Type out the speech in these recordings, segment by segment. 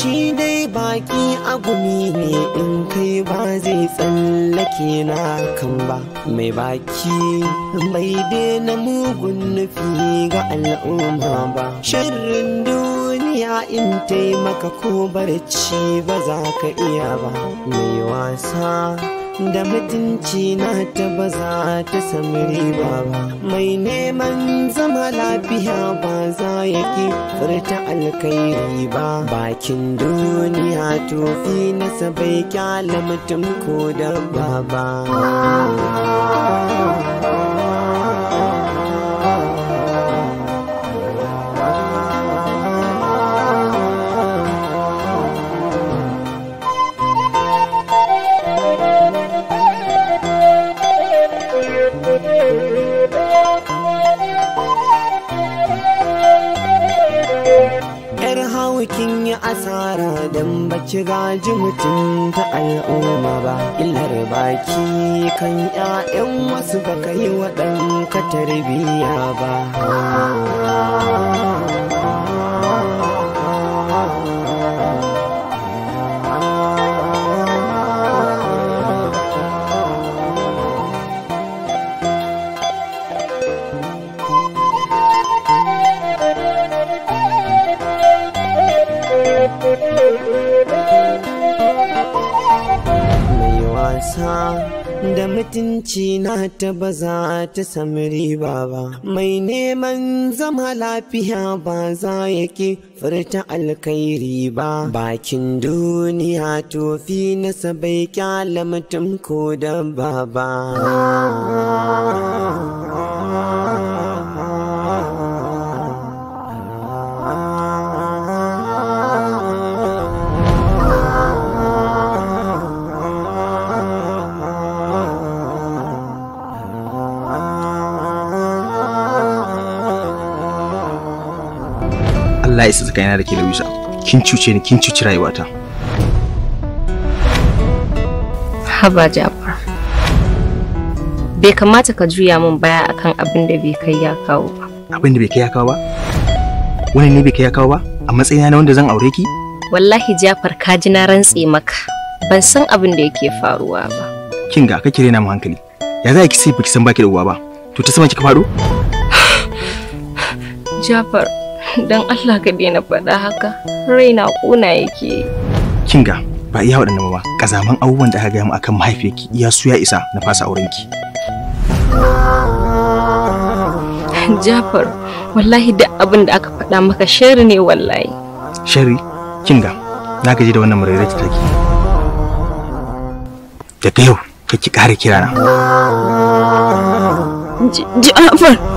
shi dai baki agumi ne in kai ba zai tsallake na kan ba mai baki bai na mugun nufi ga al'umma ba shirin duniya in taimaka ko barci ba za ka iya ba mai wasa da mutunci na ta ba za ta sami riba ba mai neman zama lafiya ba za ya ki furta alkairi ba bakin duniya tofi na sabai kyala mutum ko da ba asara don bacci gaji mutum ta al'umma ba illar baki kan 'ya'yan wasu baka yi waɗanka tarbiyya ba wasa da mutunci na ta ba za ta sami riba ba mai neman zama lafiya ba za yake furta alkhairi ba bakin duniya tofi na sabai kyala mutum ko dabba ba Allah ya isa tsakanina da ke Louisa kin cuce ni kin cuci rayuwata Haba Jafar bai kamata ka juya min baya akan abin da bai kai ya kawo ba abin da bai kai ya kawo ba wani ne bai kai ya kawo ba a matsayina na wanda zan aure ki wallahi Jafar ka ji na rantse maka ban san abin da yake faruwa ba kin ga kire na mu hankali ya za ki sai baki san baki da uwa ba to ta sama kika faɗo Jafar don Allah ka daina faɗa haka raina kuna yake kinga ba iya waɗannan ba kazaman abubuwan da aka gaya mu akan mahaifiyarki iya su ya isa na fasa aurenki Jafar wallahi duk abin da aka faɗa maka shari ne wallahi shari kinga na gaji da wannan murairar ta take daga yau kake ƙara kirana Jafar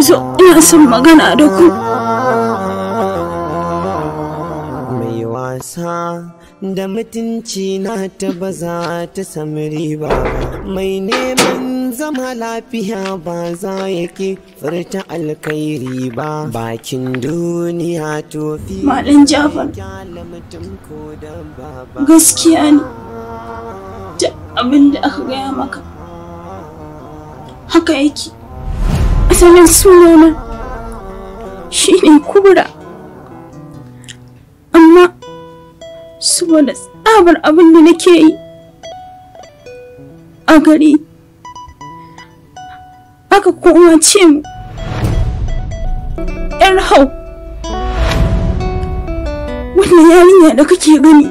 zo ina son magana da ku mai wasa da mutunci na ta ba za ta samri riba mai neman zama lafiya ba za ya ke furta alkairi ba bakin duniya tofi Malin jafar gaskiya ne abin da aka gaya maka haka yake asalin sunana shi ne kubra amma saboda tsabar abin da nake yi a gari aka kowa ce mu yar hau wannan yarinya da kake gani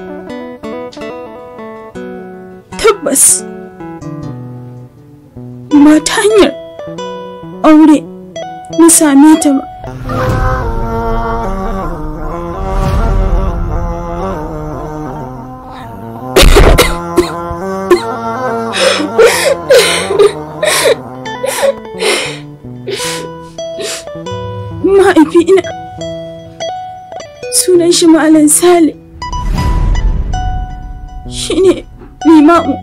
tabbas mata hanyar aure na same ta ba Ma'aifi ina sunan shi malam sale shine limamu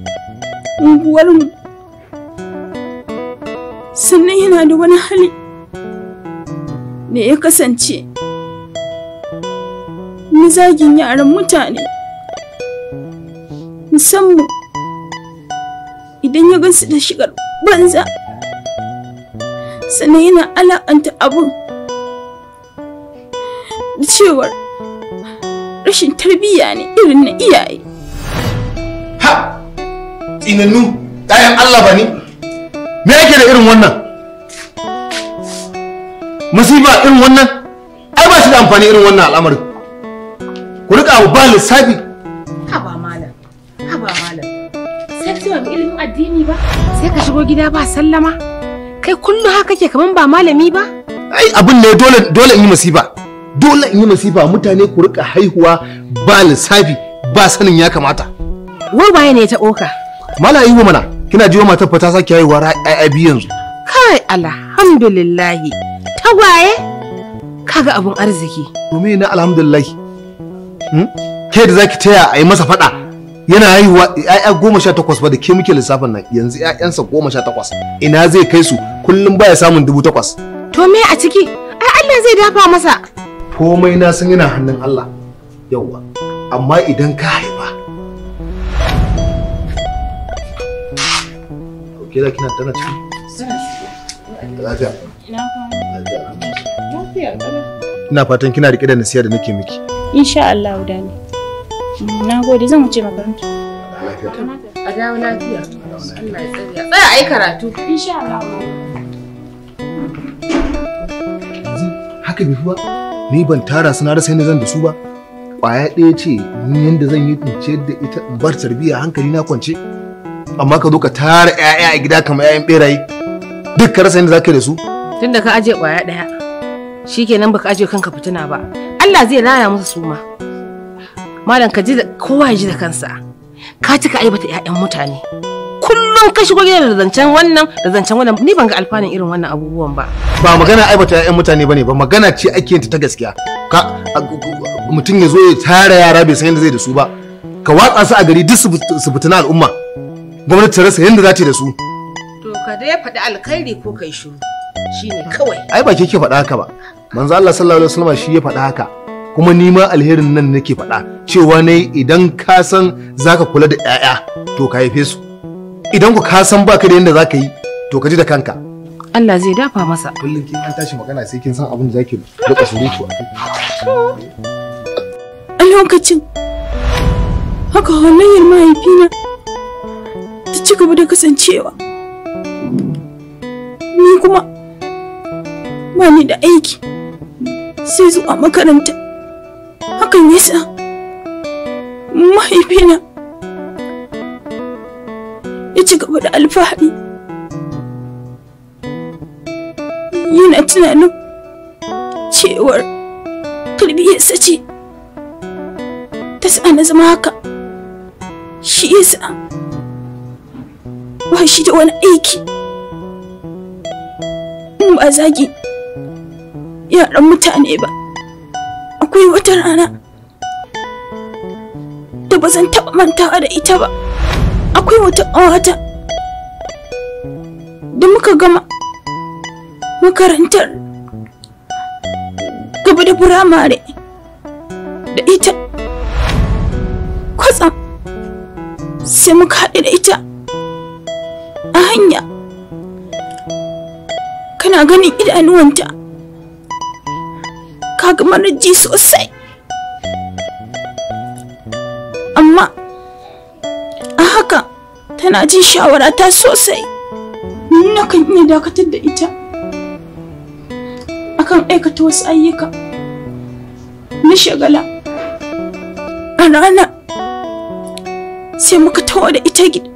unguwarmu sannan yana da wani hali da ya kasance na zagin yaran mutane musamman idan ya gansu da shigar banza sannan yana ala'anta abin da cewar rashin tarbiyya ne irin na iyaye ha tsinannu ɗayan allah ba ne me yake da irin wannan musiba irin wannan ai ba shi da amfani irin wannan al'amarin ku rika abu ba lissafi ba malam ba malam sai ka ba ilimin addini ba sai ka shigo gida ba sallama kai kullum haka kake kaman ba malami ba ai abin ne dole dole in yi musiba dole in yi musiba mutane ku rika haihuwa ba lissafi ba sanin ya kamata wai waye ne ta oka mala yi mana kina wa matar fa ta saki haihuwa ra'ayi biyu yanzu kai ta tagwaye kaga abun arziki domin na alhamdulillah, hmm? ke da zaki taya a yi masa fada yana haihuwa ya'ya goma sha takwas ba da ke muke lissafin nan yanzu ya'yansa goma sha takwas ina zai kai su kullum baya samun dubu takwas to me a ciki ai Allah zai dafa masa komai na san yana hannun Allah yauwa amma idan ka haifa ke kina tana ciki lafiya ina fatan kina rike da nasiya da nake miki insha Allah dani na gode zan wuce makaranta a dawo lafiya Allah ya tsare tsaya ai karatu insha Allah haka bi ba ni ban tara suna rasa yadda zan da su ba kwaya ɗaya ce ni yadda zan yi in da ita in bar tarbiyya hankali na kwance amma ka zo ka tara ƴaƴa a gida kamar ƴaƴan ɓeraye duk ka rasa yadda za ka yi da su da ka aje ƙwaya ɗaya ba ka aje kanka fitina ba Allah zai raya musu suma malam ka ji da kowa ya ji da kansa ka cika aibata ƴaƴan mutane kullum ka shigo gidan da zancen wannan da zancen wannan ni ban ga alfanun irin wannan abubuwan ba ba magana aibata ƴaƴan mutane ba ne ba magana ce ake yin ta gaskiya ka mutum ya zo ya tara yara bai san yadda zai da su ba ka watsa su a gari duk su fitina al'umma gwamnati ta rasa yadda za ta da su to ka dai faɗi alkhairi ko kai shiru shine kawai ai ba ke ke faɗa haka ba manzo Allah sallallahu alaihi wasallam shi ya faɗa haka kuma ni ma alherin nan nake faɗa cewa ne idan ka san zaka kula da 'ya'ya to ka haife su idan ku ka san baka da yadda zaka yi to ka ji da kanka Allah zai dafa masa kullum kin an tashi magana sai kin san abin da zaki duka surutu a lokacin haka wannan mahaifina cigaba da kasancewa ni kuma ba ni da aiki sai zuwa makaranta hakan yasa mahaifina ya cigaba da alfahari yana tunanin cewar tarbiyyarsa ce ta sa na zama haka shi yasa bashi shi da wani aiki in ba zagi yaran mutane ba akwai wata rana da ba zan taɓa mantawa da ita ba akwai wata ƙawata da muka gama makarantar gaba da firamare da ita kwatsam sai muka haɗu da ita a hanya kana ganin idanuwanta ka ga ji sosai amma a haka tana jin shawarata sosai na kan iya dakatar da ita akan aikata wasu ayyuka na shagala a rana sai muka tawo da ita gida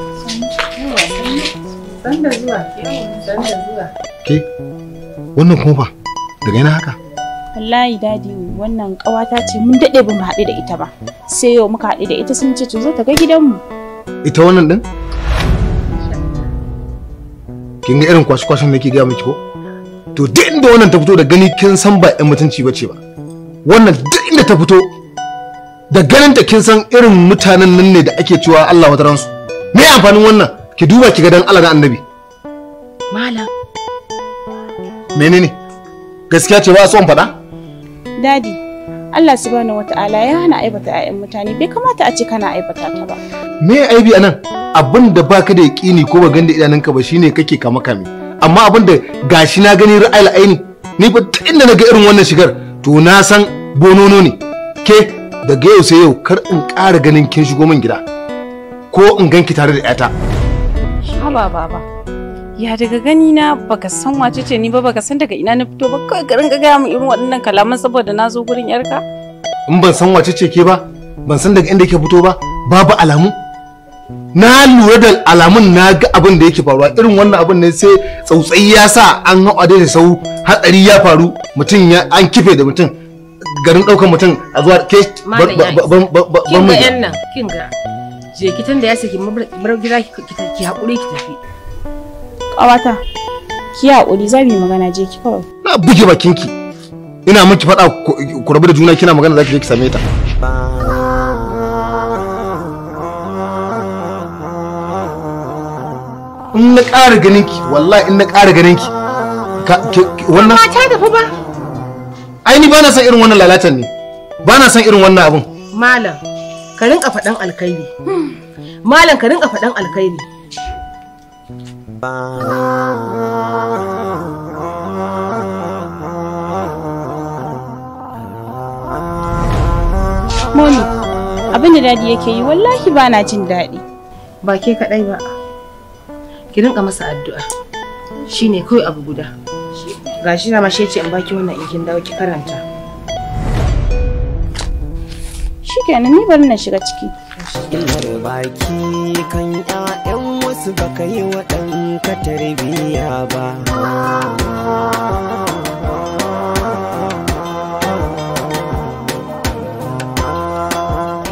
Ke wannan kuma fa daga ina haka? Wallahi dadi wannan ƙawata ce mun daɗe ba mu haɗu da ita ba. Sai yau muka haɗu da ita sun ce to zo ta ga gidanmu. Ita wannan ɗin? Kin ga irin kwashe-kwashen da ke gaya miki ko? To duk inda wannan ta fito da gani kin san ba 'yan mutunci ba ce ba. Wannan duk inda ta fito da ganin ta kin san irin mutanen nan ne da ake cewa Allah wataransu. Me amfanin wannan? ki duba ki ga dan Allah da annabi malam menene gaskiya ce ba son faɗa dadi Allah subhanahu wata'ala ya hana aibata ƴaƴan mutane bai kamata a ce kana aibata ta ba me aibi anan abin da baka da yaƙini ko ba ganda idanunka ba shine kake kama kame amma abin da gashi na gani ra'ayi aini ni ta inda na ga irin wannan shigar to na san bonono ne ke daga yau sai yau kar in ƙara ganin kin shigo min gida ko in ganki tare da 'yata. baba ba. ya daga gani na baka san wace ce ni ba baka san daga ina na fito ba kai ka ga gaya mu irin waɗannan kalaman saboda na zo gurin yarka in ban san wace ce ke ba ban san daga inda ke fito ba babu alamu na lura da alamun na ga abin da yake faruwa irin wannan abin ne sai tsautsayi ya sa an a da sau hatsari ya faru mutum ya an kife da mutum garin ɗaukar mutum a zuwa ke ban ban ban ban ban ban ban ban je kitan da ya saki bar gida ki haƙuri ki tafi ƙawata ki haƙuri za mu magana je ki kawai na buge bakin ki ina miki faɗa ku rabu da juna kina magana za ki je ki same ta in na ƙara ganin ki wallahi in na ƙara ganin ki wannan mata da ba ai ni ba na san irin wannan lalatan ne ba na san irin wannan abun malam ka rinka faɗan alkhairi malam ka rinka faɗan alkhairi Mami, abin da dadi yake yi wallahi ba na jin daɗi. Ba ke kaɗai ba. Ki rinka masa addu'a. Shi ne kawai abu guda. Gashi na ma ce in baki wannan in kin dawo ki karanta. shikenan ni bari na shiga ciki lalle kan ƴaƴan wasu baka yi wa tarbiyya ba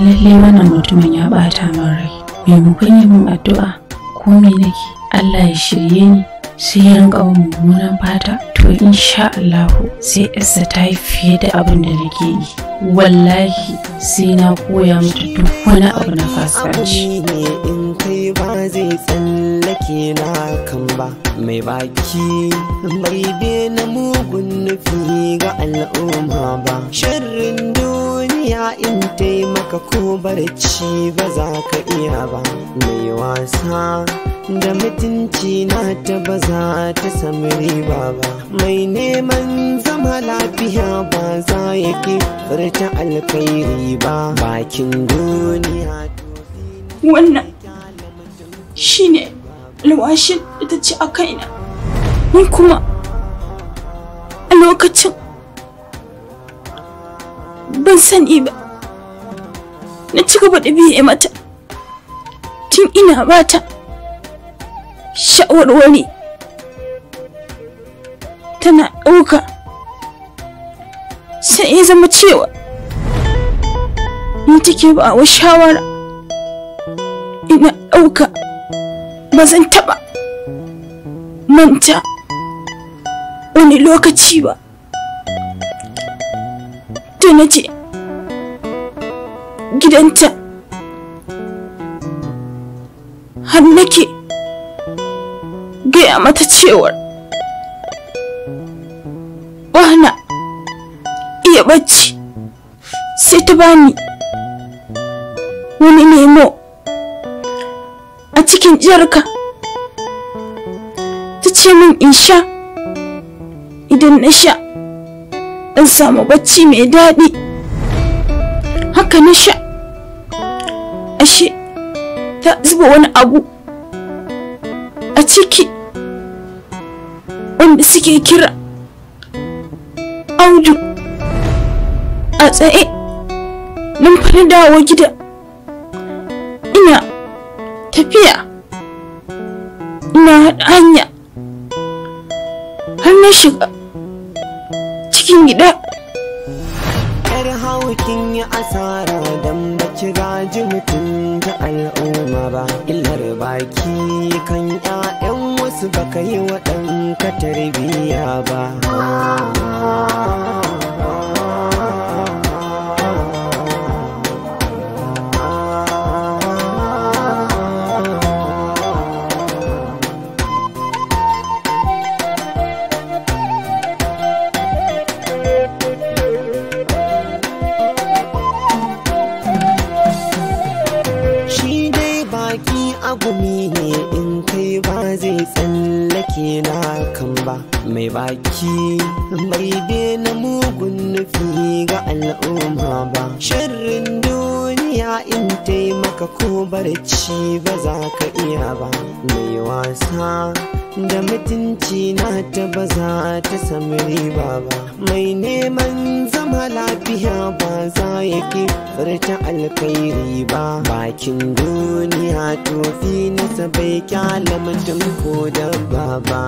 lallai wannan mutumin ya ɓata min rai maimakon yi min addu'a ko me nake Allah ya shirye ni sai ya rinka mummunan fata to insha Allah sai Esther ta yi fiye da abin da nake yi wallahi sai na koya mata duk wani abu na fasaci in kai ba zai tsallake na kan ba mai baki bai na mugun nufi ga al'umma ba sharrin duniya in taimaka ko barci ba za ka iya ba mai wasa da mutunci na ta ba za ta sami riba ba mai neman zama lafiya ba za ya ke furta alkhairi ba bakin duniya wannan shine da ta ci a kaina ni kuma a lokacin ban sani ba na ci gaba da biye mata tun ina bata shawarwari tana ɗauka sai ya zama cewa ni take ba wa shawara ina ɗauka ba zan taɓa manta wani lokaci ba da na je gidanta har nake gaya mata cewar bana iya bacci sai ta bani wani nemo a cikin jarka ta ce min in sha idan na sha in samu bacci mai daɗi haka na sha ashe ta zuba wani abu a ciki wanda suke kira audu a tsaye don fara dawo gida ina tafiya ina hanya har na shiga cikin gida hawa kin asara don ba kira mutum ta al'umma ba illar baki kan ya su baka yi waɗanka tarbiyya ba mutunci na ta baza ta sami riba ba mai neman zama lafiya ba za ya ke furta alkhairi ba bakin duniya tofi na sabai kyala mutum ko dabba ba